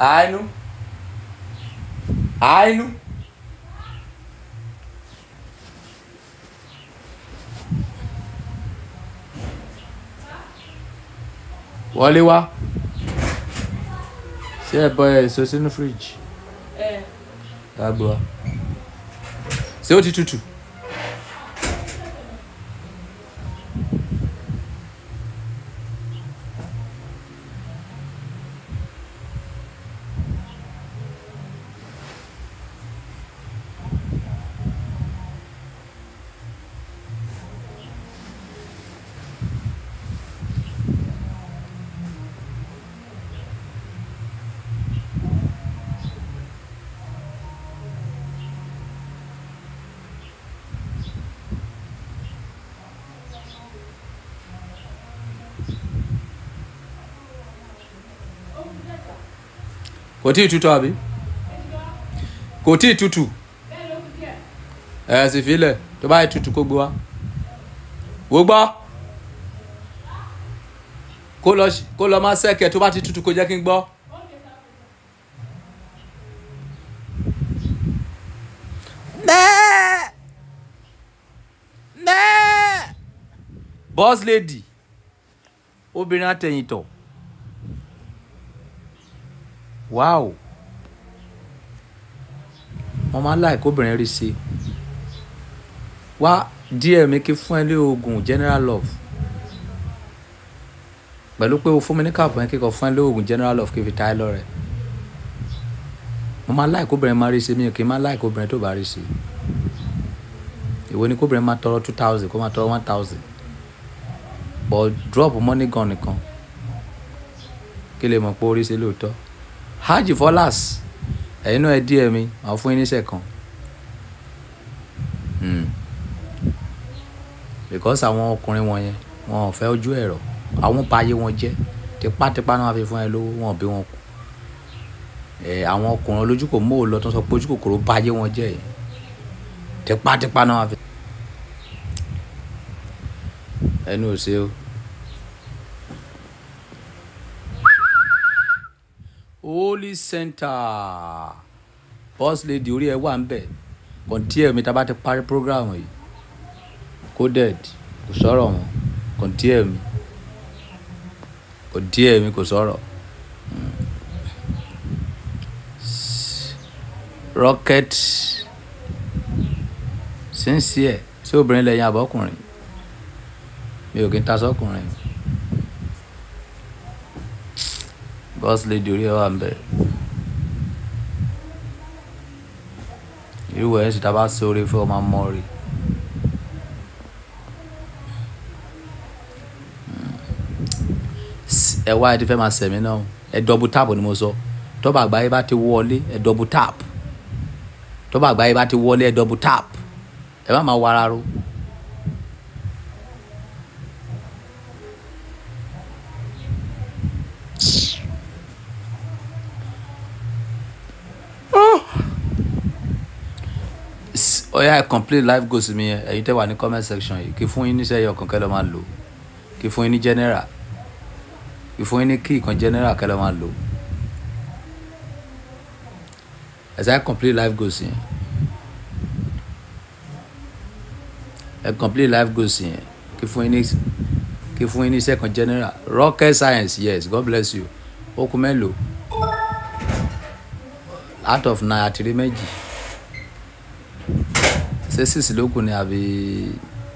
Ainu. Ainu. Wọlé wá. Ṣé ẹ bọ èso sínú fíríjì? Ẹ. Dàgbà. Ṣé ó ti tutù? kò tí ì tutù àbí kò tí ì tutù ẹ sì filẹ̀ tó bá yẹ tutù kó gbé wa wò gbọ́ kó lọ má sẹ́kẹ̀ tó bá ti tutù kó jẹ́ kí n gbọ́. mẹ́ẹ̀ mẹ́ẹ̀ boss lady obìnrin àtẹ̀yìntọ̀ wow mo máa ń like obìnrin rí sí wá díẹ̀ mi kí fún ẹ ní oògùn general love pẹ̀lú pé o fún mi ní kàpọ̀ yẹn kíkọ fún ẹ ní oògùn general love kí n fi ta ẹ lọ́rẹ̀ mo máa ń like obìnrin máa rí sí mi kì í máa ń like obìnrin tó bá rí sí ìwọ ni kóbìnrin máa tọrọ two thousand kó máa tọrọ one thousand but drop money gan nìkan kí lè mọ̀ pé orí ṣe lóòótọ́ hajj fọlás ẹ̀yin náà ẹ díẹ̀ mi màá fún yín níṣẹ́ kan hmm. because àwọn ọkùnrin wọn yẹn wọn ò fẹ́ ojú ẹ̀rọ àwọn payé wọn jẹ́ tipátipá náà wọ́n fi fún ẹ lówó wọn bí wọn kù ẹ àwọn ọkùnrin olójú kò mú òòlọ tó ń sọ pé ojú kòkòrò báyé wọn jẹ́ yìí tipátipá náà wọ́n fi. ẹnu ò ṣe o. holy center first lady orí ẹ wà ń bẹ̀ kọ̀ǹtíẹ̀ mi ta bá ti parí program yìí coded kò sọ̀rọ̀ wọn kọ̀ǹtíẹ̀ mi kọ̀ǹtíẹ̀ mi kò sọ̀rọ̀ rocket sincere sí obìnrin lẹ́yìn abọ́kùnrin mi ò kí n ta sọ́kùnrin. So boss lady orí ẹ wà ń bẹ irú ẹ̀ ń ṣe tá a bá ṣe oore fún ọmọ mọ́ rí. ẹ wá ẹ ti fẹ́ máa sẹ̀mí náà ẹ dọ́bù tap. ni mo sọ tọ́ba àgbáyé bá ti wọlé ẹ dọ́bù táàpù tọ́ba àgbáyé bá ti wọlé ẹ dọ́bù táàpù ẹ má máa wá ara ro. ọ̀yà oh, ẹ̀ complete life goals mi yẹn ẹ̀yin tẹ́ wà ní comment section yìí kí fún yín níṣẹ́ yọ kankan lọ́ máa lò kí fún yín ní general kí fún yín ní kí ìkan general kẹ́ lọ́ máa lò ẹ̀sà ẹ̀ complete life goals yẹn ẹ̀ complete life goals yẹn kí fún yín ní kí fún yín ní iṣẹ́ kan general rocket science yes god bless you ó kú mélòó out of nine àtìrí méjì ṣé six ló kù ni àbí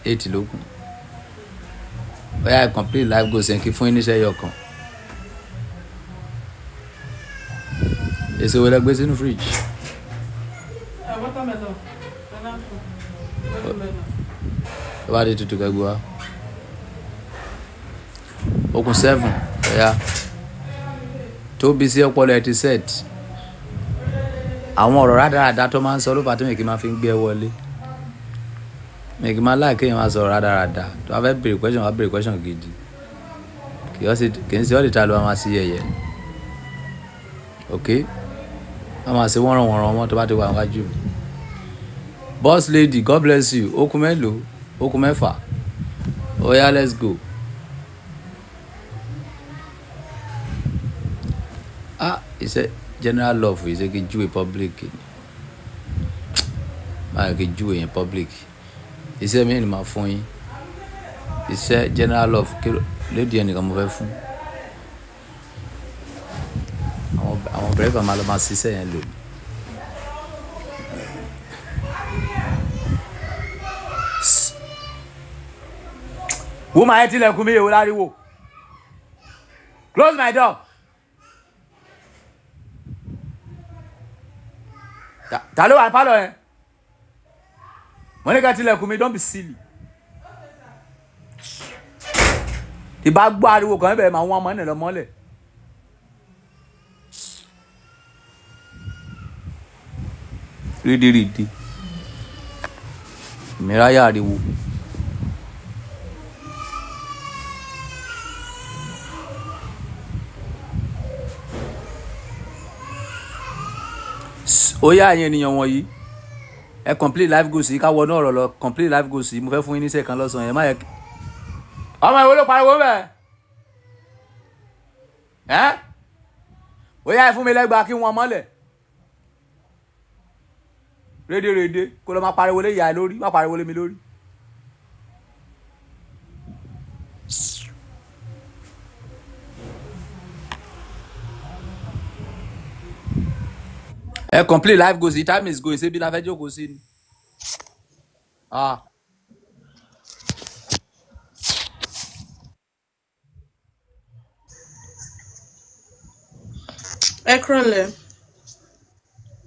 eight ló kù bóyá complete life goal ṣe kí fún iníṣẹ́ yọkan èso wo la gbé sínú fridge. ó ah, bá di tutù kẹgbẹ wa okùn seven bóyá tóbi sí ọpọlọ ẹ ti set àwọn ọ̀rọ̀ rádaràda tó máa ń sọ ló fà tó yẹ kí n máa fi ń gbé ẹ wọlé. Make kì í máa láì kéèyàn máa sọ̀rọ̀ rádaràda tó bá fẹ́ béèrè question wá béèrè question gidi kì í ṣe ọ́dìtà ló máa ṣe yẹ̀yẹ́ ok wọ́n máa ṣe wọ́nranwọ̀nran ọmọ tó bá ti wà wájú boss lady god bless you ó kù mélòó mẹ́fà oya let's go. ah he said, general love He iṣẹ́ kejì júwe public máa kejì júwe yẹn public iṣẹ́ mi ni màá fún yín iṣẹ́ general love lédi ẹnìkan mo fẹ́ fún àwọn àwọn bẹ̀rẹ̀fà máa lọ máa ṣiṣẹ́ yẹn lò wọ́n máa yẹ tilẹ̀kùn mi yẹ̀ wò láriwo close my door. ta ló wà pálọ̀ yẹn wọ́n ní ká tilẹ̀kùn mi don't be silly. ìbá gbọ́ ariwo kan bẹ̀rẹ̀ máa wọ́n ọmọ nílẹ̀ mọ́lẹ̀. rídìrídì ìmíráyà ariwo. ó yá àyẹn ènìyàn wọ̀nyí ẹ complete life goals yìí ká wọnú ọ̀rọ̀ lọ complete life goals yìí mo fẹ́ fún yín níṣẹ́ kan lọ́sàn-án yẹn má yẹ. ọmọ ìwé ló pariwo bẹ́ẹ̀ ẹ́ ó yá ẹ fún mi lẹ́gbàá kí wọ́n mọ́lẹ̀ rédèrèdè kó lọ máa pariwo lé ìyá ẹ lórí má pariwo lé mi lórí. E complete life goals. The time is going. Ṣé bí la fẹ́ jókòó sí ni? Ah. Ẹ kúrọ̀lẹ́.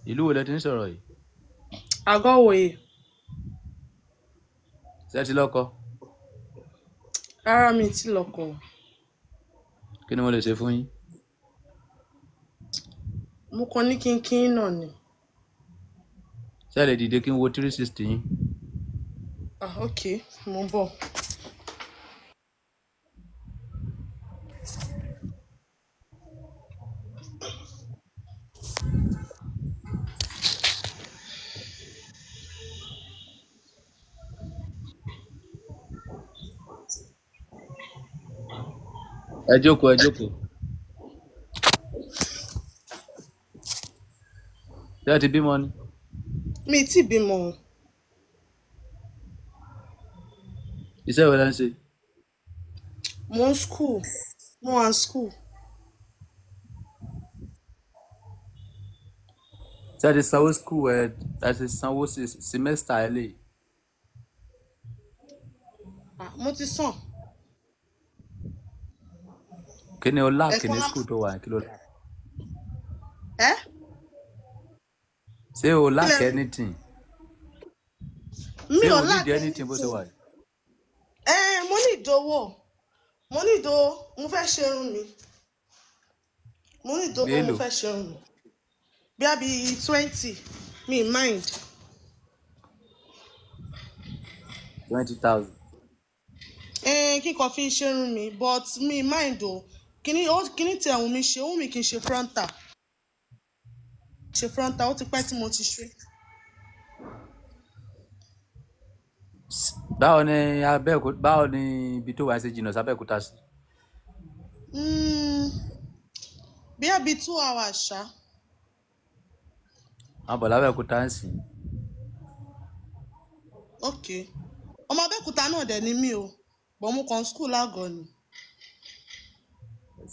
Ìlú wo lẹ ti ń sọ̀rọ̀ yìí? Àgọ́ òwòye. Ṣé ẹ ti lọ́kọ? Rárá mi ti lọ́kọ. Kí ni mo lè ṣe fún yín? mo kàn ní kí n kí n náà ni. ṣé ẹ lè dìde kí n wo three sixty yín. ah ok mo ń bọ̀. ẹ jókòó ẹ jókòó. ṣé ẹ ti bímọ ni. mi ti bímọ. iṣẹ́ wo la ń ṣe. mo ń school mo wà school. ṣé ẹ ti sanwó school ẹ ẹ ti sanwó simẹ́sítà ẹ lè. mo ti sàn. kí ni o lá kí ni school tó wà kí ló ẹ. Eh? ṣé o lack anything mi ò lack anything bó ṣe wà yìí. ẹ mo ní ìdówó mo ní ìdó mo fẹ́ ṣerun mi mo ní ìdówó mo fẹ́ ṣerun mi bí a twenty mi mind. twenty thousand. kí n kàn fi ṣerun mi but mi mind o kí ni tẹ̀ ẹ̀hún mi ṣe òun mi kì í ṣe frontal ṣe frontal ó ti pẹ́ tí mo ti ṣe. báwo ni abẹ́òkúta báwo ni ibi tó wà ṣe jìnnà sábẹ́òkúta sí. Hmm, bí ẹbí two hours ṣá. àwọn bọ̀ lábẹ́òkúta ń sìn. ok ọmọ abẹ́òkúta náà dẹ̀ ni mí o bọ̀ mo kàn skul àgọ́ ni.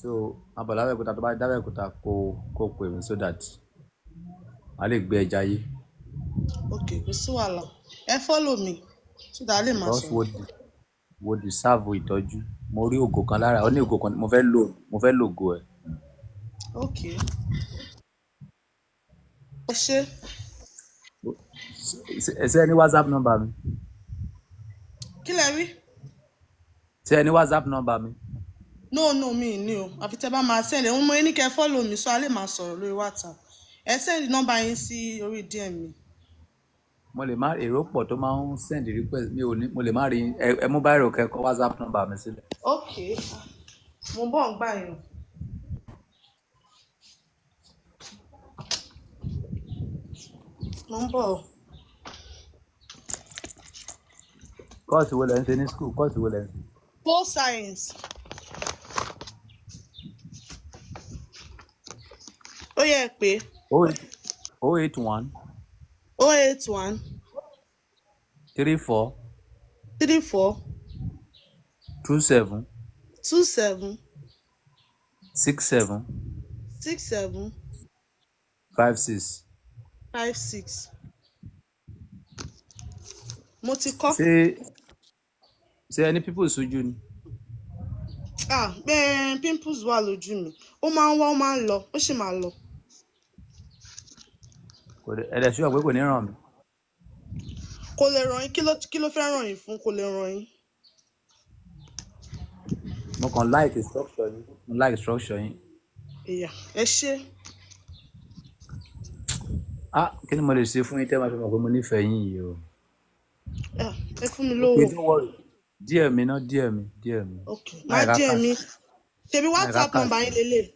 so àwọn bọ̀ lábẹ́òkúta tó bá dábẹ́òkúta kó kó pè mí so that a lè gbé ẹja yé. ok kò sí wàhálà ẹ follow mi ṣùgbọ́n a lè máa sọ. wo di sáàbù ìtọ́jú mo rí ògo kan lára ó ní ògo kan mo fẹ́ lò mo fẹ́ lò ògo ẹ̀. ok ẹ ṣe. ṣé ẹ ní whatsapp number mi. kí lẹ rí. ṣé ẹ ní whatsapp number mi no no mi ni o àfi tẹ bá máa ṣẹlẹ̀ òun mo ní kẹ́ fọ́lọ̀ mi sọ a lè máa sọ̀rọ̀ lórí whatsapp ẹ sẹ́ndì nọ́mbà yín sí orí dm mi. mo lè má èrò pọ̀ tó máa ń send request mi ò ní mo lè má rí ẹ mú báyìí rò kẹ́kọ̀ọ́ whatsapp number mi sílẹ̀. ok mo bọ̀ ń gbà yín. kọ́ọ̀sì wo lẹ ń ṣe ní school kọ́ọ̀sì wo lẹ ń ṣe. pole science. ó yẹ pé. 081 081 081 34 34 27 27 67 67 56 56 mo ti kọ́. ṣé ṣé ẹni pimples ojú ni. ah bẹ́ẹ̀ pimples wà lójú mi ó máa ń wá ó máa ń lọ ó sì máa lọ ẹ̀dẹ̀ sí ọ̀pẹ́ kò ní ràn mí. kò lè ràn yín kí ló fẹ́ ràn yín fún kò lè ràn yín. mo kàn like structure yín mo like structure yín. ìyá ẹ ṣe. ah kí ni mo lè ṣe fún yín tẹ́ máa fi mọ̀ pé mo nífẹ̀ẹ́ yín yìí o. ẹ fún mi lówó. díẹ̀ mi ná díẹ̀ mi díẹ̀ mi. ok má díẹ̀ mi ṣebí whatsapp number yín lélẹ̀.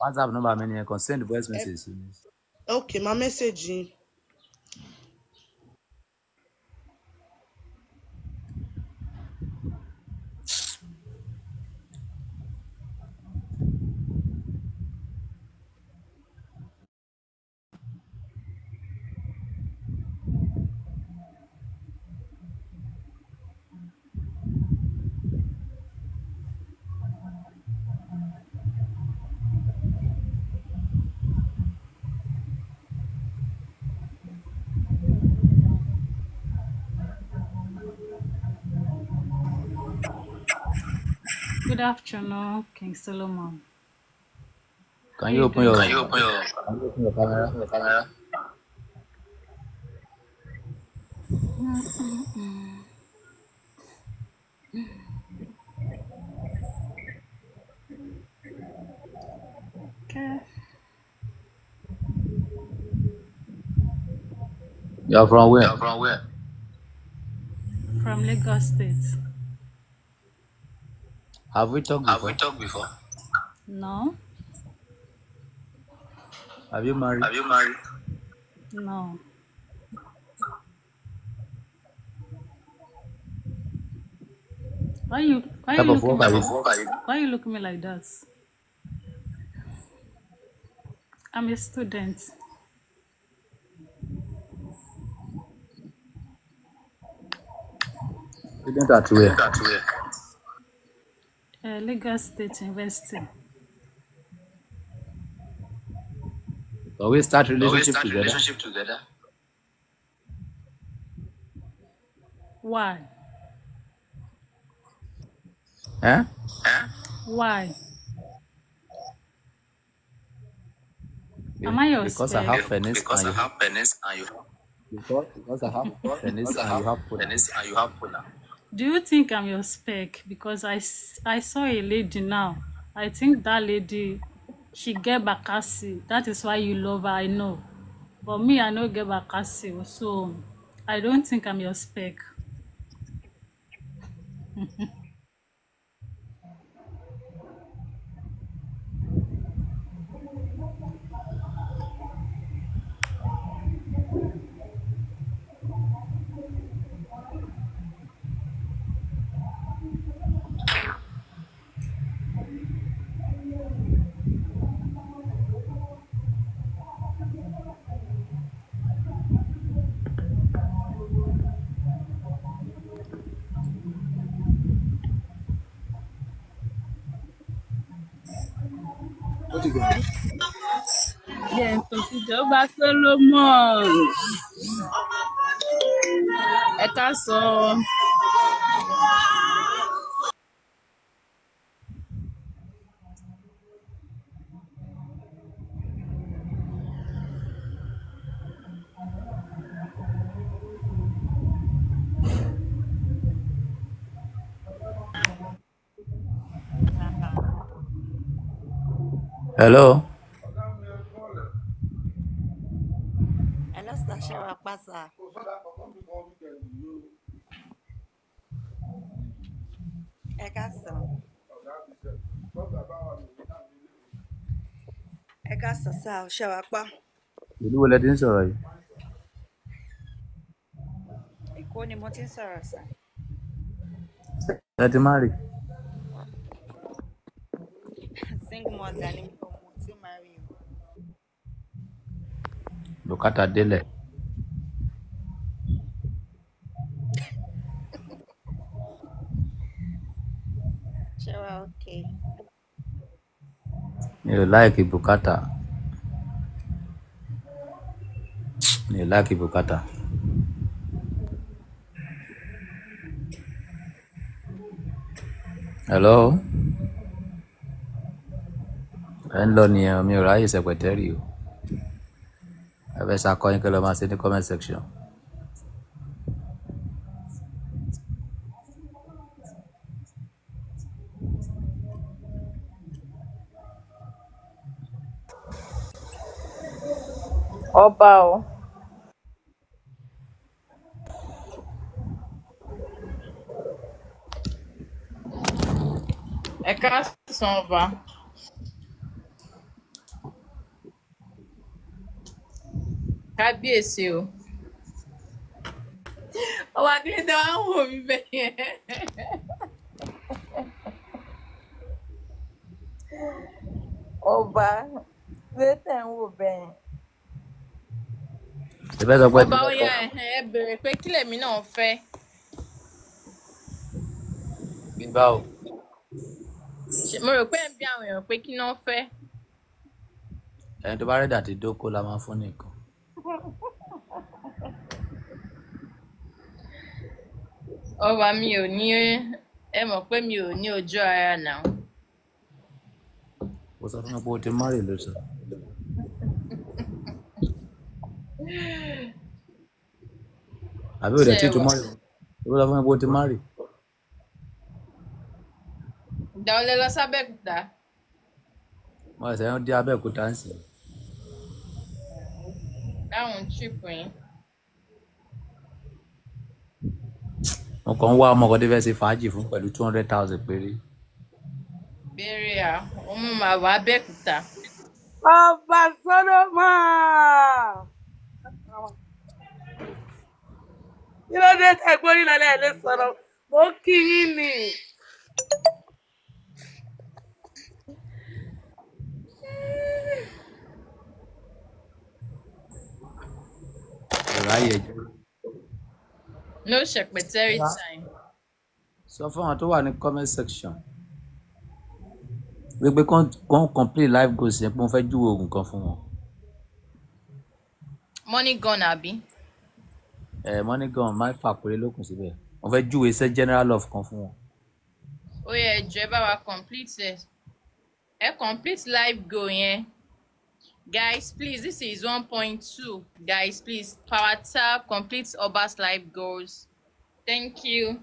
whatsapp number mi ni ẹ consent voice message É o quê? uma Mercedinho. Good afternoon, King Solomon. Can you open your Can you open your, can you open your camera? Your camera? Okay. You're from where? You're from where? From Lagos State. Have we talked Have we talked before? No. Have you married? Have you married? No. Why you why you looking look work me, are you- why you look me like that? I'm a student. Student at where? Student at where? uh, Lagos State University. Always start relationship, Always start relationship together. Why? Huh? huh? Why? Am I your because spirit? I have penis because I have penis and you because, because I have penis and you have penis and you have penis. do you think i'm your spec because i i saw a lady now i think that lady she get bakasi that is why you love her i know but me i no get bakasi so i don't think i'm your spec ó ti gbà. yẹ̀ǹtò Solomon ẹ̀ka sọ. So, Hello. Hello, sir. Ṣé wàá pa sà? Ẹ káàsán. Ẹ káàsán sà, ṣé wàá pa? Ìlú wo lẹ ti ń sọ̀rọ̀ yìí? Èkó ni mo ti ń sọ̀rọ̀ sà. Ẹ ti má rì. Single mother ni mo. Bukata délẹ̀. mi ò láìkì bùkátà mi ò láìkì bùkátà. hello ẹ ń lọ nìyẹn mi ò ráyè sẹpẹtẹrì o. avec eh sa ben, coin que le mentionné de commerce section. Oh, ce que ça en kábíyèsí o ọba akíndé wa ń wò mí bẹ́ẹ̀ yẹn. ọba létẹ̀ ń wò bẹ́ẹ̀. ìbẹ́ sọ pé ọba ó yá ẹ bèrè pé kí lèmi náà fẹ́. o. mo rò pé ẹ̀ ń bí àwọn èèyàn pé kí náà fẹ́. ẹni tó bá rẹ̀ dàtí dóko la máa fún nìkan ọba mi ò ní ẹ mọ̀ pé mi ò ní ojú ara náà. ó sọ fún mi pé o ti márì ló sọ. àbí òde tí o ti márì o sọ fún mi pé o ti márì. ìgbà wo lẹ lọ sábẹ́òkúta. mo ṣe ń dé abẹ́òkúta ń sìn. dáhùn chíìpù yín. Eh? mo kàn ń wá ọmọ kan tó fẹ́ ṣe fàájì fún pẹ̀lú two hundred thousand péré. béèrè à ọmọ ọba kí ló dé lálẹ́ ẹ̀ lè sọ̀rọ̀ mo ráyè ẹjọ́. no secretary time. sọ fún àwọn tó wà ní comment section wípé kàn complete life goals yẹn pé mo fẹ́ júwe oògùn kan fún wọn. money gun àbí. ẹ money gun máa fà péré lókun síbẹ̀ mo fẹ́ júwe iṣẹ́ general love kan fún wọn. ó yẹ ẹjọ́ ẹ bá wa complete ẹ complete life goal yẹn. Yeah Guys, please, this is 1.2. Guys, please, power tap completes Oba's life goals. Thank you.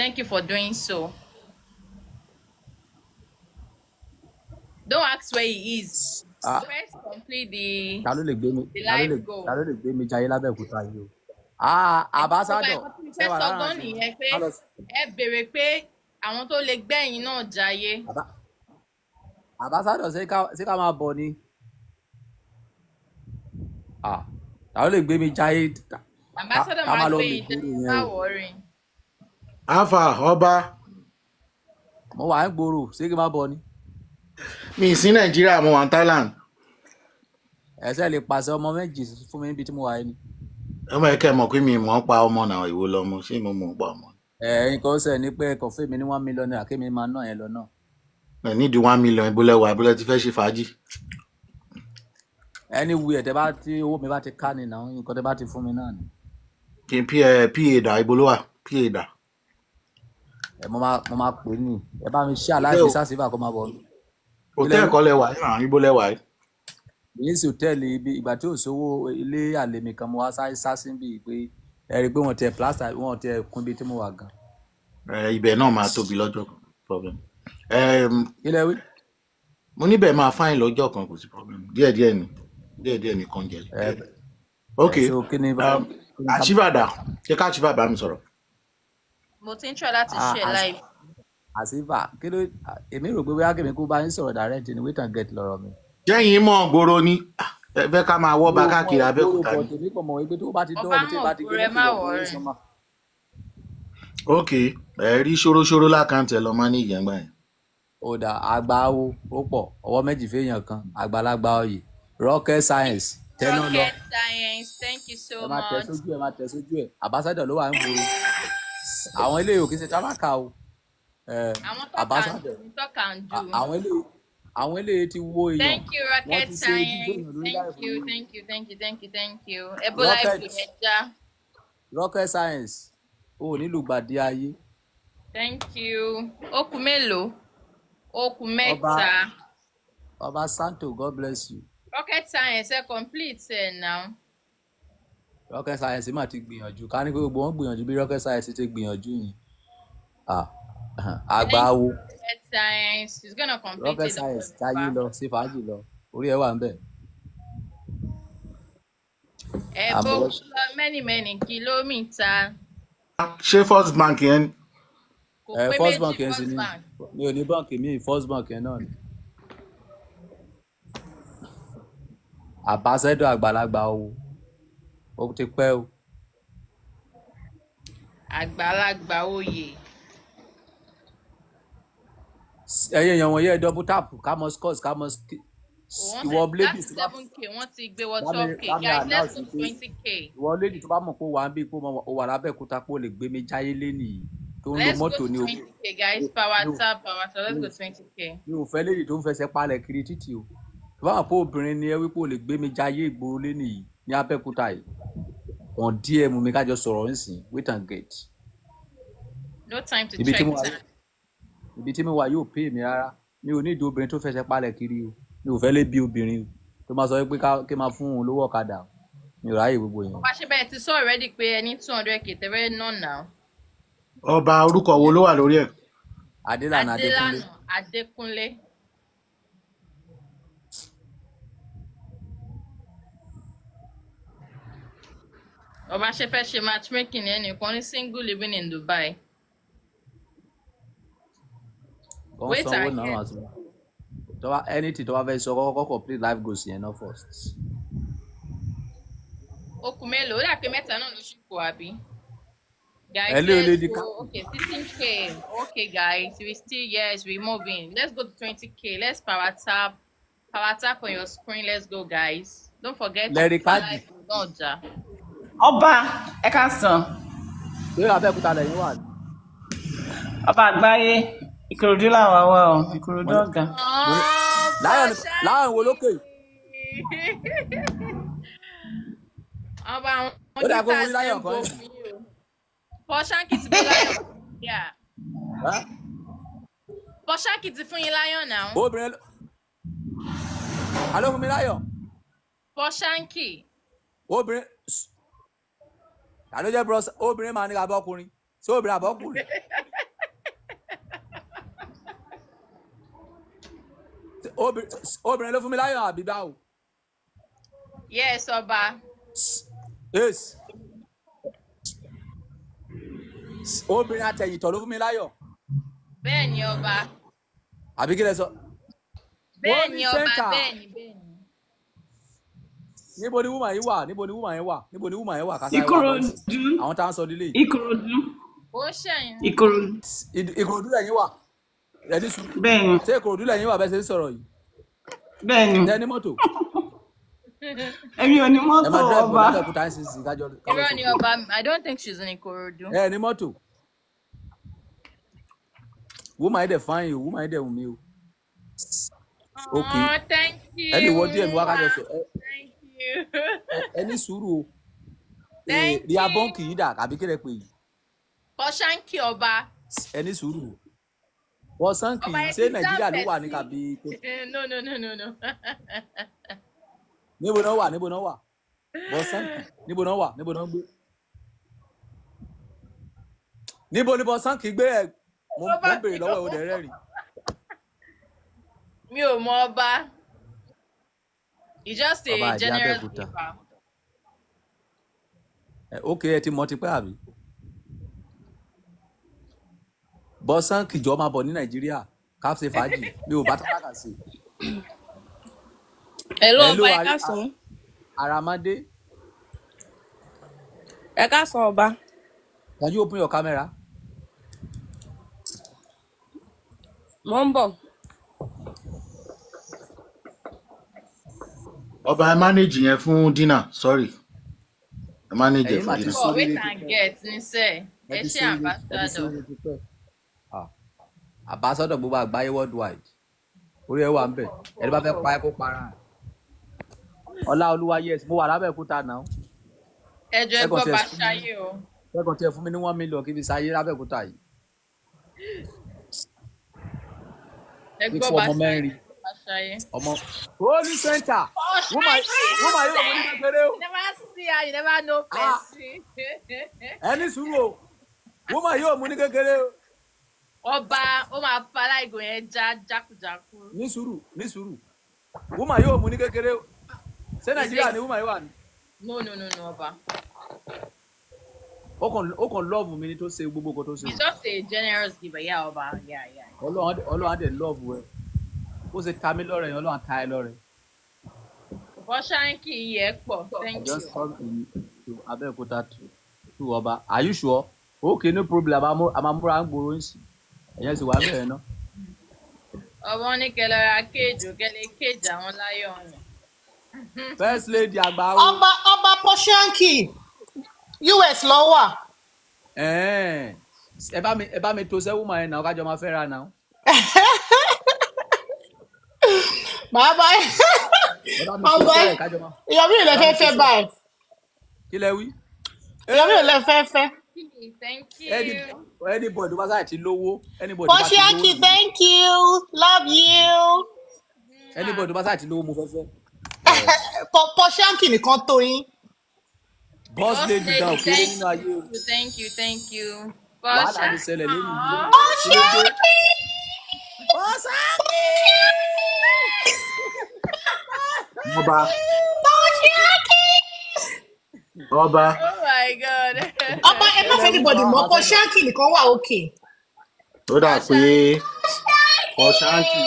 Thank you for doing so. Don't ask where he is. Ah. First, complete the, the life goal. Ta ló lè gbé mi jayé lábẹ́òkúta yìí o? Àbáṣájọ. Ah, ẹ bèrè pé àwọn tó lè gbẹ̀yìn náà jayé àbáṣádọ̀ ṣé ká máa bọ̀ ni táwọn lè gbé mi jáyé ká máa lọ mi kúrò yẹn o. afa ọba. mo wà ń gbòòrò ṣé kí n máa bọ̀ ni. mi sí nàìjíríà mo wà ní thailand. ẹsẹ lè pàṣẹ ọmọ méjì fún mi níbi tí mo wà ni. ọmọ ẹkẹ mọ pé mi mọ ń pa ọmọ náà ìwo lọmọ ṣé mo mọ ń pa ọmọ. ẹ nǹkan ó sẹ ni pé kọfí mi ní one million naira máa ná yẹn lọ náà ẹ nídìí one million ibo lẹwà ibo lẹ ti fẹ́ ṣe fàájì. anywhere tẹ bá ti owó mi bá ti ká ni náà nǹkan tẹ bá ti fún mi náà ni. kí n pa èdà ibo ló wà pa èdà. ẹ mo máa mo máa pè é nì ẹ bá mi ṣe aláìsí sásìfà kó máa bọ. òtẹ́ẹ̀lì kọ́ lẹwà ìràn ibo lẹwà yìí. èyí sì òtẹ́ẹ̀lì ibi ìgbà tí ò sówó ilé àlèmí kan mo wá sásí bíi pé ẹ rí i pé wọ́n tẹ plaster wọ́n tẹ kún ibi um, ilẹ̀ wí. mo níbẹ̀ máa fáyín lọ́jọ́ kan kò sí problem díẹ̀díẹ̀ ni díẹ̀díẹ̀ ni kan jẹ. ok um, àṣìbàdà ṣé ká àṣìbàdà mi sọ̀rọ̀. mo ti ń tọ́ láti ah, ṣe live. àṣìbà kí ló èmi rò pé bóyá kèmí kó bá ń sọ̀rọ̀ direct ni wait and get lọ́rọ̀ mi. jẹ́yìn mọ́ gbòòrò ni ẹ fẹ́ ká máa wọ́ bá káàkiri abẹ́òkúta ni. ok ẹ rí ṣóróṣóró lákàntẹ lọ máa ní ìyẹn gbà yẹn ọ̀dà àgbáwo ó pọ̀ ọwọ́ méjì fèèyàn kan àgbàlagbà oyè rocket science tẹnu lọ rocket science thank you so much ẹ máa tẹ sójú ẹ máa ló wà ń gbòòrò àwọn ilé ìwò ṣe tálákà o àbáṣádọ̀ àwọn ilé àwọn ilé ti wo èèyàn thank you rocket science thank you thank you thank you thank you thank you ebola rocket science o nílùú gbàdí ayé. thank you ó mélòó okùn mẹ́ta. ọba santo god bless you. rocket science ẹ complete now. rocket science mà ti gbìyànjú ká ní pé gbogbo wọn gbìyànjú bí rocket science ti gbìyànjú yìí àgbà awo rocket science is gonna complete rocket science káyé lọ sí fàájì lọ orí ẹ wà ń bẹ. ẹ bó many many kìlómítà. ṣé first bank yẹn kò pé méjì first bank mi ò ní báǹkì mi first bank yẹn náà ni. àbáṣẹ́dọ̀ àgbàlagbà owó ó ti pẹ́ o. àgbàlagbà oyè. ẹyẹ èèyàn wọ̀nyí ẹ double tap ká mọ scores ká mọ ìwọ lady tó bá wọ́n ti gbé wọ twelve k guidance of twenty k. ìwọ lady tó bá mọ̀ pé ó wà ń bí pé wà lábẹ́òkúta pé ó lè gbé mi jáyé lé nìyí tó ń lo mọ́tò ní o. let's go 20k guys power tap power tap let's go 20k. mi ò fẹ́ léyìí tó ń fẹsẹ̀ palẹ̀ kiri títì o báwọn àpò obìnrin ni ẹ wípé o lè gbé mi jayé ìgboro lé nìyí ní abẹ́òkúta yìí wọ́n díẹ̀ mú mi kájọ sọ̀rọ̀ nsìn wait and get. no time to check time. ibi tí mo wà yóò pè mí rárá mi ò ní ìdí obìnrin tó fẹsẹ̀ palẹ̀ kiri o mi ò fẹ́ lé bí obìnrin o tó máa sọ pé kí n máa fún òun lówó ọ̀kadà mi ò ráyè gbogbo yẹn. ọba ṣe bẹ́ẹ̀ ti sọ already pé ẹni two hundred k tẹ́fẹ́ náà náà ọba orúkọ wo ló wà lórí ẹ̀. adélànà adékúnlé. adékúnlé. ọba ṣe fẹ́ ṣe matchmaking ẹnìkan ní single living in Dubai. wait a minute. anything tó bá fẹ́ sọ kọ́kọ́ complete life goals yẹn náà first. okùn mélòó ó dà pé mẹ́ta náà ló ṣì kù àbí. Guys, Hello, Lady go, Okay, 15K. Okay, guys, we still, yes, we're moving. Let's go to 20K. Let's power tap. Power tap on your screen. Let's go, guys. Don't forget. Lady Kadi. Ọjà. Ọba, ẹ káàsán. Lórí Abẹ́òkúta lẹ́yìn wà. Ọba àgbáyé, Ìkòròdú làwa wà o, Ìkòròdú ọ̀gá. Ah, Láàrin wo lókè? Ọba àwọn ọmọdé tá a ṣe ń bomi. Portia kì í ti Yeah. Huh? Portia kì í ti fún yín láyọ̀ náà. Obìnrin ló. Àló fún mi láyọ̀. Portia kì. Obìnrin. Àló bros obìnrin máa ní abọ́kùnrin. Ṣé obìnrin abọ́kùnrin? Obìnrin ló fún mi láyọ̀ àbí báwo? Yes, ọba. Yes obìnrin àtẹ̀yìntọ̀ ló fún mi láyọ̀. bẹ́ẹ̀ ni ọba. àbí kí lẹ sọ. bẹ́ẹ̀ ni ọba bẹ́ẹ̀ ni bẹ́ẹ̀ ni. níbo ni wúmà yín wà níbo ni wúmà yín wà níbo ni wúmà yín wà kásá Ìkòròdú àwọn tá à ń sọ nílé. Ìkòròdú. ó ṣẹ̀yìn. Ìkòròdú. Ìkòròdú lẹ́yìn wà. bẹ́ẹ̀ ni. ṣé Ìkòròdú lẹ́yìn wà bẹ́ẹ̀ ṣe ń sọ̀rọ̀ yìí. bẹ́ẹ̀ ni èmi ò ní mọ́tò ọba. ẹ máa dúró ọba i don't think she's in Ikorodu. ẹ ní mọ́tò woman yìí dẹ̀ fine o woman yìí dẹ̀ wù mí o. ok ẹ lè wọ díẹ̀ mi wá kájọ sọ ẹ ní sùúrù o ríà bọ́ǹkì yìí dà àbí kí lè pè yìí. kọ́sánkì ọba. ẹ sùúrù o wọ́n ṣé nàìjíríà ló wà ní kàbí. no no no no no. níbo náà wà níbo náà wà bọ́sánkì níbo náà wà níbo náà gbé níbo ni bọ́sánkì gbé ẹ̀ mo ń béèrè lọ́wọ́ ẹ̀ o dẹ̀ mi ò mọ ọba it's just a Baba, general paper. ẹ ok ẹ ti mọ ti pẹ́ àbí bọ́sánkì jọ máa bọ̀ ní nàìjíríà ká fàájì mi ò bá tálákà sí i. Hello, ọba ẹ káàsán. Aramade. Ẹ káàsán ọba. Can you open your camera? Mo ń bọ̀. Ọba ẹ manage yẹn fún dinner, sorry. Ẹ manage yẹn fún dinner. Ọ̀ wait and get ní sẹ́, ẹ ṣe ambassador. Ah, ambassador gbogbo àgbáyé worldwide. Orí ẹ wà ń bẹ̀, ẹni bá fẹ́ pa ẹ kó para ọlá olúwa yes mo wà lábẹ́òkúta náà. ẹjọ ẹgbọ́ bá ṣayé o. ẹkàn tí ẹ fún mi ní one million kí n fi ṣayé lábẹ́òkúta yìí. ẹgbọ́ bá ṣayé ọmọ holy center oh, woman woman yóò wọlé kékeré o. you never see her you never know person. Ah. ẹni sùúrù o woman yóò mú ní kékeré o ọba ó máa fa aláìgò yẹn já jákujáku. ní sùúrù ní sùúrù wúmà yóò mú ní kékeré ṣé nàìjíríà ni woman yìí wà no no no no Oba. ó kàn ó kàn lọ́ọ̀bù mi ni tó ṣe gbogbo nǹkan tó ṣe. he's just a generous giver yà ọba yeah. yà. ọlọ́run ọlọ́run á love. lọ́ọ̀bù ẹ̀ ó ṣe ta mí lọ́rẹ̀ yẹn ọlọ́run ta ẹ lọ́rẹ̀. bọ́ṣánkì yẹ pọ̀ thank you. just come to abẹ́òkúta to to ọba are you sure? okay no problem àmàmúra ń gbòòrò ń sì ẹ̀yẹ́ sì wà bẹ́ẹ̀ náà ọmọ ní kẹlẹ ra kéèjì kẹlẹ kéèjì àwọn láyé first lady àgbáwo. ọba ọba pọ́ṣẹ́ǹkì us ló wà. ẹ bá mi ẹ bá mi to sẹ́wọ́n máa yẹn náà kájọ máa fẹ́ ra náà. màá bá ọba ìyàwó ìlẹ fẹ́ fẹ́ báyìí. kí lẹ wí. ìyàwó ìlẹ fẹ́ fẹ́. Thank you. Anybody wá sáà lówó. Anybody thank you love you. Anybody wá sáà lówó mo fẹ́ fẹ́. pọ̀pọ̀ ṣáǹkì nìkan tó yín. boss lady dá òkè nínú ayé o. thank you thank you. wàhálà ló ṣẹlẹ̀ lórí ìlú. ọ̀ṣáǹkì. ọ̀ṣáǹkì. ọba. ọ̀ṣáǹkì. ọba. oh my god. ọba ẹ má fẹ́ anybody mọ́ pọ̀ ṣáǹkì nìkan wà òkè. ó dà pé ọ̀ṣáǹkì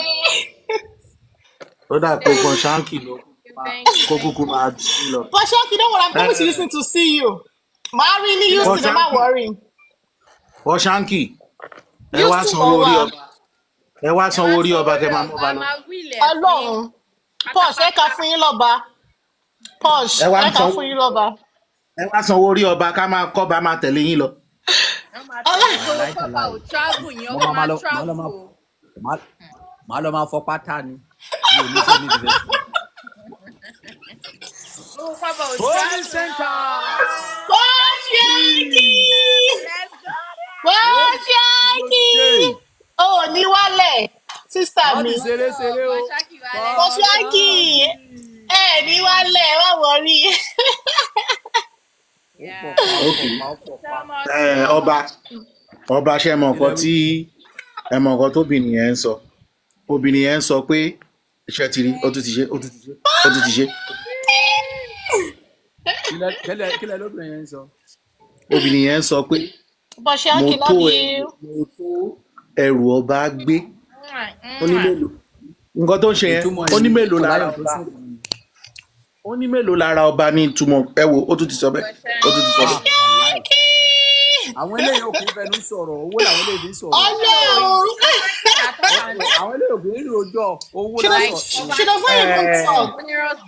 ó dà pé ọ̀ṣáǹkì ló kù. Kokuku mad. But Shock, you know what? I'm coming to eh. listen to see you. Ma really used to them, I'm worrying. Oshanki. Ẹ wá sanwó orí ọba. Ẹ wá sanwó orí ọba kẹ máa mú ọba lọ. Ọlọ́run. Pọ́ọ̀sì ẹ̀ka fún yín lọ́ba. Pọ́ọ̀sì ẹ̀ka fún yín lọ́ba. Ẹ wá sanwó orí ọba ká máa kọ́ bá máa tẹ̀lé yín lọ. Ọlọ́run. Màá lọ máa fọ pátá ni. Mi ò ní sẹ́ni ìdílé. Holy Center. Kọ́ṣíákì. O ní wálẹ̀ sísá mi. Kọ́ṣíákì. Ẹ ní wálẹ̀ wá wọrí. Ọba ọba ṣe mọ̀ nǹkan tí ẹ mọ̀ nǹkan tóbìnrin yẹn ń sọ. Obìnrin yẹn ń sọ pé iṣẹ́ ti rí ó tún ti ṣe ó tún ti ṣe kílẹ̀ lóbìnrin yẹn ń sọ. obìnrin yẹn ń sọ pé mo tó mo tó ẹrù ọba gbé mm-hmm. onímèlò nǹkan tó ń ṣe yẹn onímèlò lára ọba onímèlò lára ọba ní ìtumọ̀ ẹ wo ó tún ti sọ bẹ́ẹ̀ ó tún ti sọ bẹ́ẹ̀. àwọn eléyìí òkú fẹnu sọ̀rọ̀ owó làwọn eléyìí sọ̀rọ̀. ọlọ́run àwọn ilé ògùn nílùú ọjọ́ owó láyọ̀. she doesn't even talk.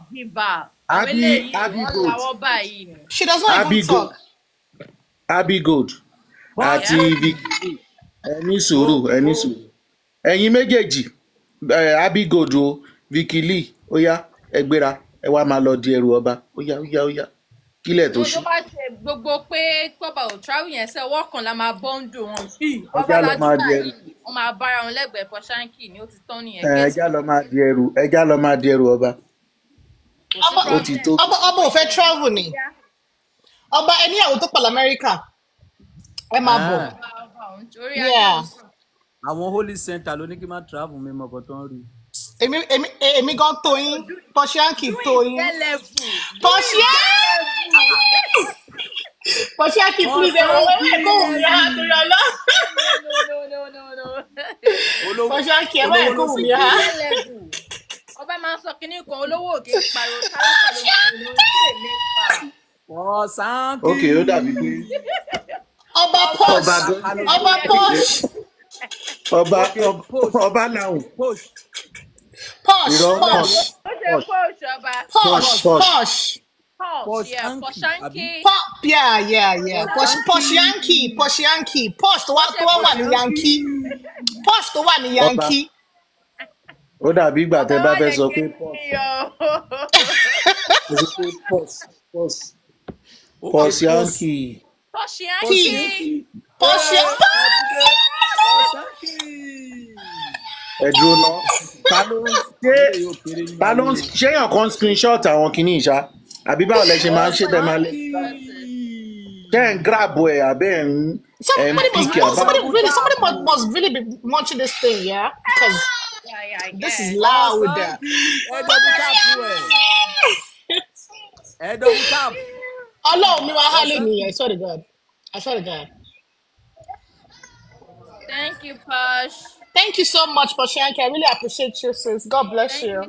abi abi gold she doesn't even talk. abi gold àti ẹni sùúrù ẹni sùúrù ẹ̀yin méjèèjì abi gold o Vicky Lee ó yá ẹ gbéra ẹ wá máa lọ di ẹrù ọba ó yá ó yá ó yá kílẹ̀ tó ṣú. tó bá gbogbo pé pọ́bà ò travel yẹn sẹ́ ọwọ́ kan la máa bọ́ńdù wọn yìí ọba ládùúgbà yìí wọ́n máa bára wọn lẹ́gbẹ̀ẹ́ ni ó ti tán nìyẹn. ẹja lọ máa di ẹrù lọ ọba. ọba ò fẹ́ ni ọba tó pàlọ́ amẹ́ríkà ẹ máa bọ̀. àwọn holy center ló ní kí n mi èmi èmi èmi gan tó yín pọṣíánkì tó yín pọṣíánkì pọṣíánkì please ẹ wọ́n wẹ́wẹ́ kó wù mí ha torí ọlọ́ pọṣíánkì ẹ wẹ́wẹ́ kó wù mí ha. ọba máa ń sọ kínní kan olówó òkè pariwo táwọn ọmọ ìlú ṣe mẹ́fà. pọṣíánkì. ok ó dàbí pé. ọba pọṣ ọba pọṣ. ọba ọba làwọn posh posh posh posh posh yeah posh yankee pop yeah yeah yeah posh posh yankee posh yankee posh tó wá tó wá wà ní yankee posh tó wà ní yankee. ó dàbí ìgbà tẹ bá fẹ́ sọ pé posh posh posh yankee. posh yankee posh yankee ẹ ta ló ń ṣe ta ló ń ṣe èèyàn kan screenshot àwọn kìíní ìṣá àbí báwo lẹ ṣe máa ń ṣe bẹ́ẹ̀ máa lẹ ṣe ń grab ẹ àbẹ ẹ ń ẹ ń pick àbá. somebody really must, really be watching this thing yeah because yeah, yeah, yeah. this is loud. ẹ dọ̀bù tap. ọlọ́run mi wá hálẹ̀ nìyẹn I swear to God I swear to God. Thank you, Posh. Thank you so much for sharing. I really appreciate you, sis. God bless you.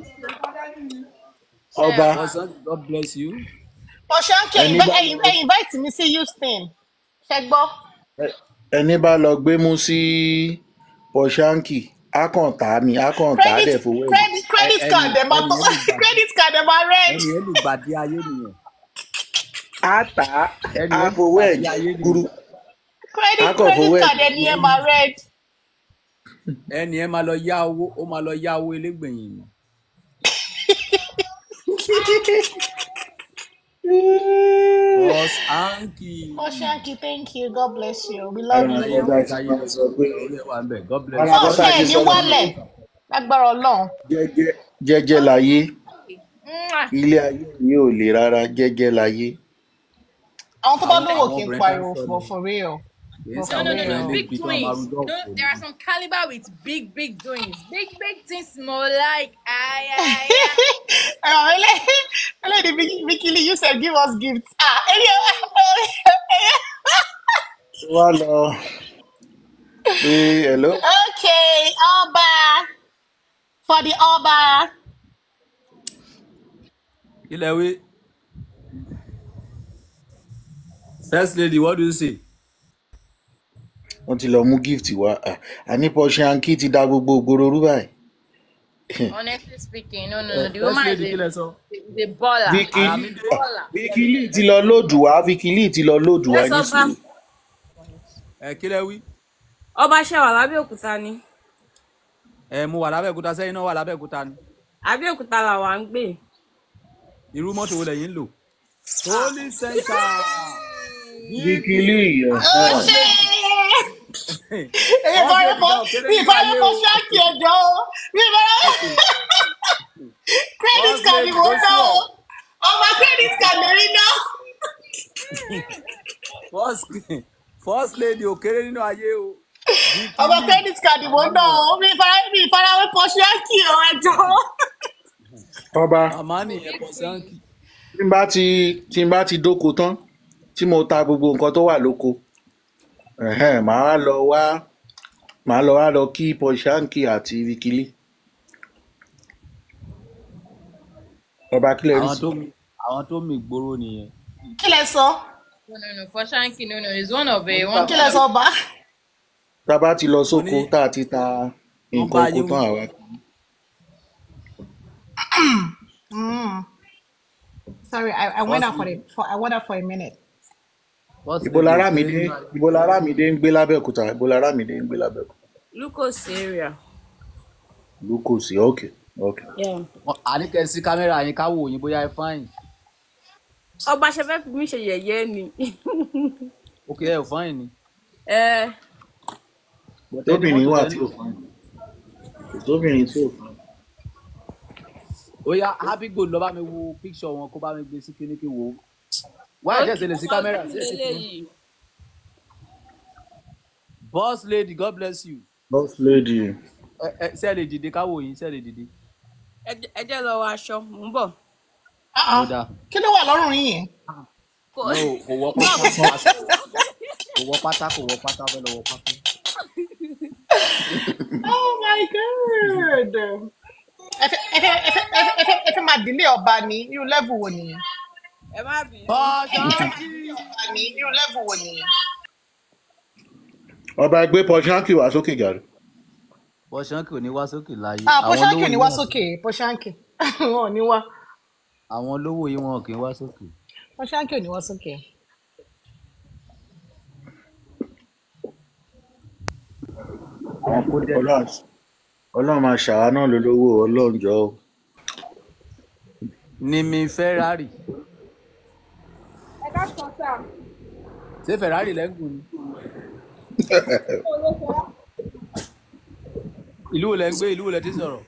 Ọba. God bless you. Ọ̀ṣánkẹ́ invite eh, eh, mi sí Houston. Ṣé gbọ́? Ẹni bá lọ gbé mú sí Ọ̀ṣánkì, á kàn tá a ni, á kàn fowó ẹ̀. Credit card ẹ̀ máa tó credit card ẹ̀ máa rent. Ẹni olùgbàdì ayé nìyẹn. Á tà á, fowó ẹ̀ gúrú. Credit card ẹ̀ ni ẹ̀ máa ẹni ẹ máa lọ yá owó ó máa lọ yá owó elégbèyìn mọ. Boss Anki. Boss Anki, thank you. God bless you. We love you. God bless you. Bọ́sẹ̀ ẹ̀yìn wálẹ̀ lágbára Ọlọ́run. Jẹ́jẹ́ láyé. Ilé ayé mi ò le rárá jẹ́jẹ́ láyé. Àwọn tó bá lówó kí n pariwo for real. No, no, no, no. Big doings. No, there are some caliber with big, big doings. Big, big things more like I. I, I. like the Vicky Lee, you said give us gifts. Ah, well, uh, hey, hello. Okay, Oba. For the Oba. Ilawi. First lady, what do you see? wọ́n ti lọ mú gift wá àní Portia and ti da gbogbo ògbóró báyìí. honestly speaking no no no eh, the woman is a is a ah, baller Vicky Lee ti lọ lóòdù wá Vicky Lee ti lọ lóòdù wá ní sùúrù. ẹ kí lẹ wí. ọba ṣe wà lábẹ́òkúta ni. ẹ eh, mo wà lábẹ́òkúta sẹ́yìn náà wà lábẹ́òkúta ni. Abẹ́òkúta là wà ń gbé. irú mọ́tò wo lẹ́yìn ń lò. holy ah. center. Vicky Lee ọ̀sán. Oh, Me ìfọyín ìfọyín kò ṣáàkì ẹjọ́ o credit card ni mo ná o ọmọ credit card lórí ná. first lady o kéré nínú ayé o. ọmọ credit card ni mo ná o mi ìfarawé kò ṣáàkì o ẹjọ́. ọba amani ẹ̀kọ́ sáǹkì. tí n bá ti dóko tán tí mo ta gbogbo nǹkan tó wà lóko. Ẹ̀hẹ́n, màá wá lọ wá, màá lọ wá lọ kí Paul Shanky àti Vicky Lee. Ọba kílẹ̀ rí àwọn àwọn tó mi gbòòrò nìyẹn. kí sọ. no no no for Shanky no no Is one of a one. kí lẹ sọ bá. tá a bá ti lọ sóko tá a ti ta nǹkan oko tán àwa. Mm. sorry I, I went out for a for, I went out for a minute. Ibola Ramide Ibola Ramide ń gbé lábẹ́òkúta Ibola Ramide ń gbé lábẹ́òkúta. Lukos area. Lukos ok ok. Àníkẹ́ sí kámẹ́rà yín ká wò yín bóyá ẹ fáyìn. Ọba ṣe fẹ́ fi mí ṣe yẹ̀yẹ́ ni. Ok ẹ ò fáyìn ni. Ẹ. Tóbìnrin wà tí ò fáyìn. Tóbìnrin tí ò fáyìn ó yá hábígbò lọ bá mi wo píkṣọ wọn kó bá mi gbé sí kíníkì wo wáyé ṣẹ̀ṣẹ̀ lè sí kámẹ́rà boss lady god bless you. boss lady. ṣé ẹ lè dìde káwọ yìí ṣé ẹ lè dìde. ẹ jẹ́ lọ wọ aṣọ mò ń bọ̀. Ah, ah. kí ló wà lọ́rùn yìí. kò wọ pátá kò wọ pátá kò wọ pátá fẹ́ lọ wọ pátá. oh my god. ẹ fẹ́ máa dílé ọba ní irú lẹ́vù wo nìyẹn ẹ má bì í. Pọ̀ṣánkì. Inú lẹ́bù wo ni? Ọba ẹgbẹ́ Pọ̀ṣánkì wá sókè gàrí. Pọ̀ṣánkì ò ní wá sókè láyé. Ah, Pọ̀ṣánkì ò ní wá sókè Pọ̀ṣánkì wọn ò ní wá. Àwọn olówó yìí wọn kì í wá sókè. Pọ̀ṣánkì ò ní wá sókè. Ọlọ́run máa ṣàánú lólówó ọlọ́run jọ. Ni mi Ferrari káàkó sá. lẹ́gùn ni. ìlú wo lẹ gbé ìlú wo lẹ ti sọ̀rọ̀.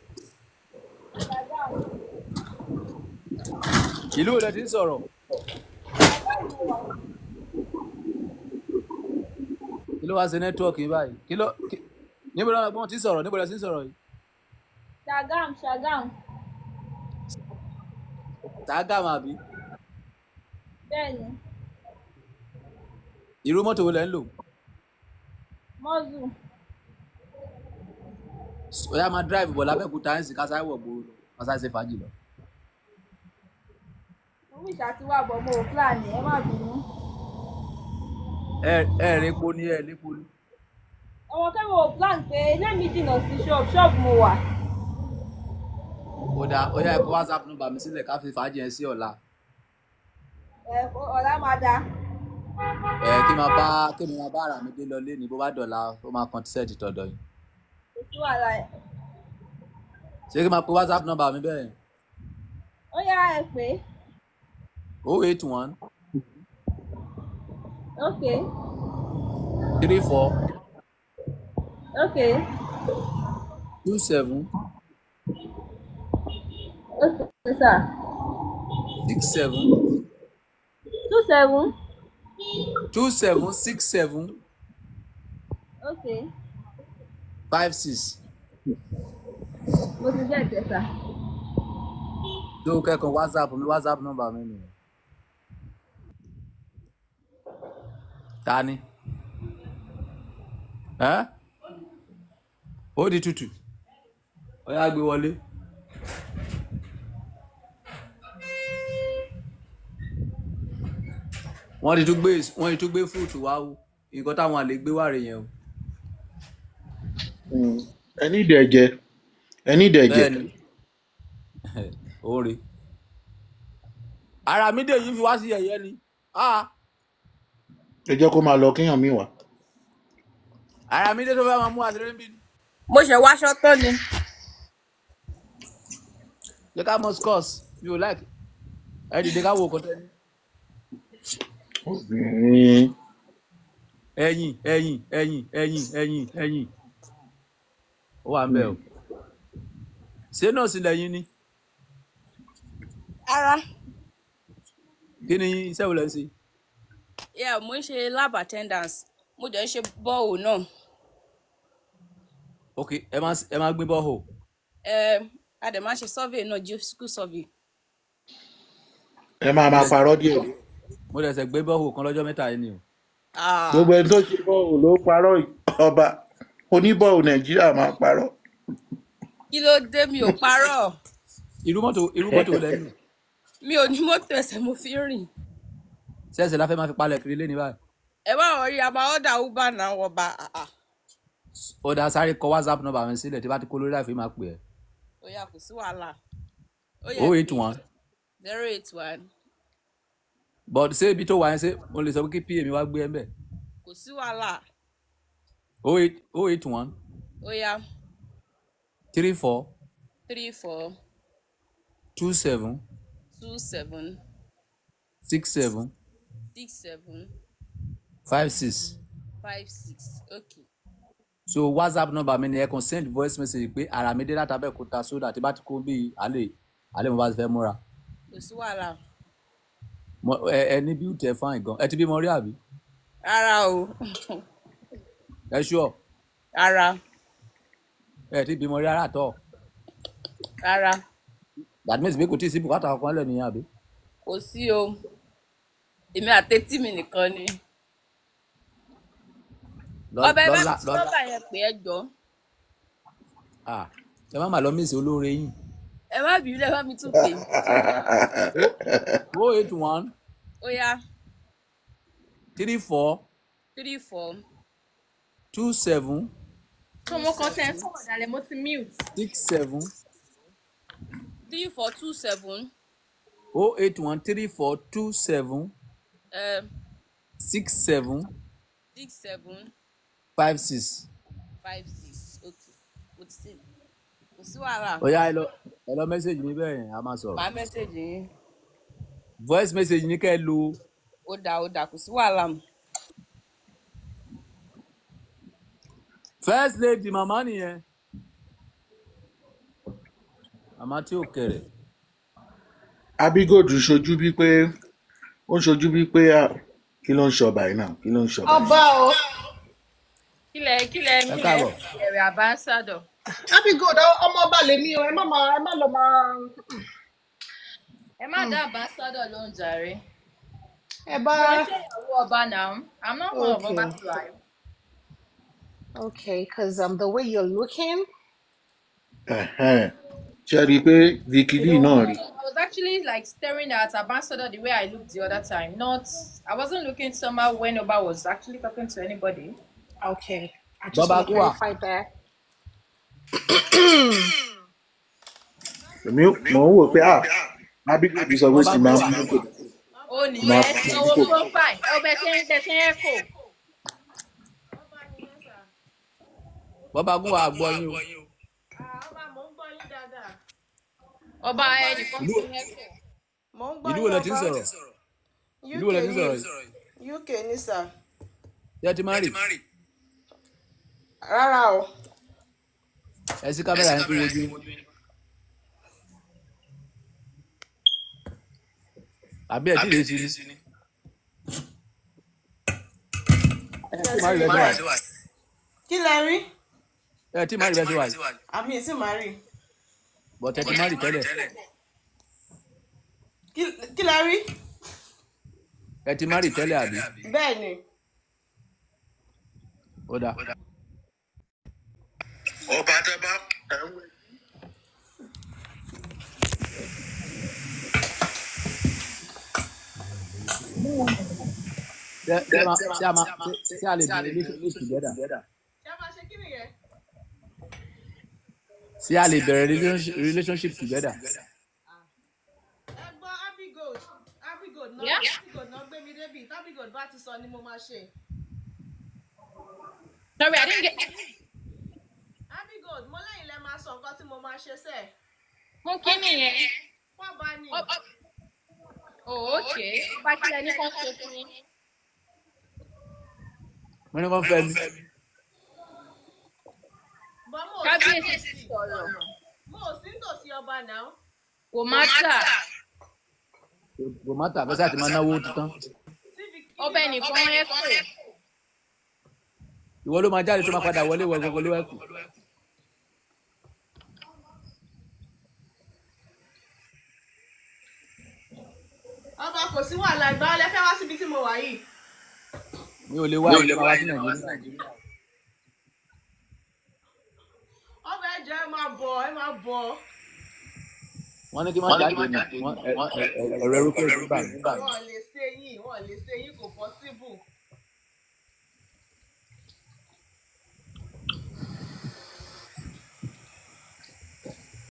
ìlú wo lẹ ti sọ̀rọ̀. kí ló wá ṣe nẹ́tíwọ́ọ̀kì báyìí kí ló níbo lọ́wọ́ wọ́n ti sọ̀rọ̀ níbo lọ́wọ́ ti sọ̀rọ̀ yìí. Ṣàgàm Ṣàgàm. Ṣàgàm àbí bẹ́ẹ̀ni. irú mọ́tò wo lẹ̀ ń lò. mọ́zù. ọ̀yá máa drive bọ̀ lábẹ́kúta ẹ̀ ń sìn kásá wọ̀ gbòòrò kásá ṣe fàájì lọ. orí ìṣàtiwá bọ̀ mo ò fúlàní ẹ má bínú. ẹ ẹ rí epo ní ẹ lépo ní. ọmọ kẹ́wọ̀n ò plan pé ilé mi dìnnà sí ṣọ́ọ̀bù ṣọ́ọ̀bù mo wà. ó dáa ó yá ẹ̀ kó sílẹ̀ ká fi fàájì yẹn sí ọ̀la ọ̀la máa da. ẹ kí máa bá kí mi máa bá ara mi dé lọ lé ní bó bá dọ̀la ó máa kan tíṣẹ́ẹ̀tì tọ̀dọ̀ yìí. kò sí wàhálà ẹ̀. ṣé kí máa pe whatsapp number mi bẹ́ẹ̀. ó yá ẹ pé. oh eight one. okay. three four. okay. two seven. okay sir. six seven two seven. two seven six seven. okay. five six. mo ti jẹ́ ìtẹ̀sà. dókè kan whatsapp mi whatsapp number mi nìyẹn. ta ni. ó di tútù ó yá gbé wọlé. wọ́n ti tún gbé wọ́n ti tún gbé fúrúùtù wá o nǹkan táwọn àlè gbé wàrè yẹn o. Hmm. ẹni ìdẹ̀ jẹ ẹni ìdẹ̀ jẹ. bẹ́ẹ̀ni oore ara mi dè yìí fi wá sí ẹ̀yẹ́ ni. Ah. ẹ jẹ́ kó máa lọ kéèyàn mi wá. ara mi dè tó fẹ́ máa mú àṣírí níbí. mo ṣe wáṣọ tán ni. jẹ́ ká mọ scores mi ò láìpẹ́ ẹ dìde ká wo kọ́tẹ́ ni. obìnrin enyi, enyi, enyi, enyi, ẹ̀yìn ó wà o ṣé nọ́ọ̀sì lẹ́yìn ni ara kí ni iṣẹ́ wo lẹ ń ṣe. yeah mo ń ṣe lab attendance mo jẹ́ ṣe bọ́ọ̀hù náà. ok ẹ máa ẹ máa gbé bọ́ọ̀hù. ẹ a dẹ̀ máa ṣe survey náà School survey. ẹ máa máa parọ́ mo dẹ̀ sẹ̀ gbé bọ́ọ̀hù kan lọ́jọ́ mẹ́ta yìí ni o. Ah. gbogbo ẹni tó ṣe bọ́ọ̀hù ló parọ́ ọba oníbọ̀ọ̀hù nàìjíríà máa parọ́. kí ló dé mi ò parọ́. irú mọ́tò irú mọ́tò lẹ́nu. mi ò ní mọ́tò ẹsẹ̀ mo fi rìn. sẹ́ẹ̀sì la fẹ́ máa fi palẹ̀ kiri lé ní báyìí. ẹ bá wọn rí àmọ́ ọ̀dà uber náà wọ a ọ̀dà sáré kọ whatsapp number mi sílẹ̀ tí bá ti kó lórí àfi máa pè é. ó yá kò sí wàhálà. ó yẹ kí zero eight one. zero eight one but ṣé ibi tó wà yẹn ṣe mo lè sọ pé kí pa mi wá gbé ẹ bẹ́ẹ̀. kò sí wàhálà. oh eight oh eight one. ó yá. three four. three four. two seven. two seven. six seven. six seven. five six. five six okay. so whatsapp number mi ni ẹ kàn send voice message pé ara mi dé láti Abẹ́òkúta sódà tí bá ti kó bíi àlè àlè mo bá ti fẹ́ múra. kò sí wàhálà ẹ ní bí tẹ fáìn gan ẹ ti bímọ rí àbí. ara o. ẹ ṣúọ. ara. ẹ ti bímọ rí ara tọ. ara. that means pé kò tí ì sí bùkátà kankan lẹ́nu yẹn àbí. kò sí o èmi àtẹ́tí mi nìkan ni. ọbẹ̀ bá mi tí nọ́mbà yẹn pè é jọ. ẹ má mà lọ mísì olóore yìí ẹ má bìí lẹ bá mi tún pè. Oh, Oh yeah, three four. three four. two seven. tó mo kàn tẹ́ sọ̀rọ̀ dalẹ̀ mute. six seven. three four two seven. oh eight one three four two seven. Uh, six seven. six seven. five six. five six okay mo ti save kò sí wàhálà. ó yá ẹ lọ ẹ lọ mẹ́sẹ̀gì mi yẹn a máa sọ̀rọ̀. màá mẹ́sẹ̀gì yín. voice message ní lo. ó dà ó dà first lady màmá nìyẹn màmá tí ò kéré. abigodu ṣojú bíi pé ó ṣojú bíi pé kí ló ń yìí ọba o kílẹ̀ kílẹ̀ ẹ̀rẹ̀ abigodu ọmọ ọba lèmi o ẹ má lọ máa. ẹ má hmm. dábàá sọ́dọ̀ ló ń jàre. ẹ bá ẹ ṣe ìyàwó ọba náà i'm not one of ọba to lie. okay because um, the way you're looking. Uh huh. i pé vikili náà I was actually like staring at Abansoda the way I looked the other time. Not, I wasn't looking somehow when Oba was actually talking to anybody. Okay, I just want to clarify that. èmi mò ń wò ah, Abigail sọ pé sì máa ń kò. O nìyẹn owó profile ọbẹ̀ ṣe ń tẹ̀ ṣe ń kò. Bọ́ba gún wa gbọ́ yín o. Ọba mò ń gbọ́ yín dáadáa. Ọba ẹnìkan ti ń ẹ̀kọ́. Mò ń gbọ́ yín ọba. Ìlú wo lẹ ti ń sọ̀rọ̀? Ìlú wo lẹ ti ń sọ̀rọ̀ yìí? UK ni sà. Ṣé ti máa rì? Rárá o. Ẹ sí kámẹ́rà yẹn tó wojú. àbí ẹ̀ tí lè ṣe ní. kí lẹ rí. ẹ tí mari bẹ́ẹ̀ ti wà yìí. àmì ẹ̀ tí mari. bọ̀tẹ̀ ti mari tẹ́lẹ̀. kí lẹ rí. ẹ ti mari tẹ́lẹ̀ àbí. bẹ́ẹ̀ ni. ó dáa. ọba tẹ bá ẹ ń wé. see, a máa ṣé a lè bẹ̀rẹ̀ relation together. ṣé a lè bẹ̀rẹ̀ relationship together. Ah. ẹ̀gbọ́n abigold abigold náà abigold náà gbé mi débi abigold bá ti sọ ni mo máa ṣe. sorry i didn't get. abigold mo lẹ́yìn lẹ́ máa sọ nǹkan tí mo máa ṣe sẹ́ẹ̀. fún kí nìyẹn. wọ́n bá ní ok ọba kílẹ̀ ní kàn ṣe fún yín. wọ́n ní wọ́n fẹ́ mi. kábíyèsí ti sọ̀rọ̀. mo ò sí nítòsí ọba náà. kò má tà. kò má tà bẹ́sẹ̀ àti máa náwó tán. ọbẹ̀ nìkan ẹ̀ kù. ìwọ ló máa jáde tó máa ọba kò sí wàhálà ìgbà ọlẹ fẹ́ wá síbi tí mo wà yìí. mi ò lè wá ìgbà wá sí nàìjíríà. ọba ẹjọ ẹ máa bọ̀ ẹ máa bọ̀. wọ́n ní kí wọ́n jáde ní ọ̀rọ̀ ẹrú kẹ́ẹ̀ẹ́ nígbà. wọ́n lè ṣe yín wọ́n lè ṣe yín kò pọ́síbù.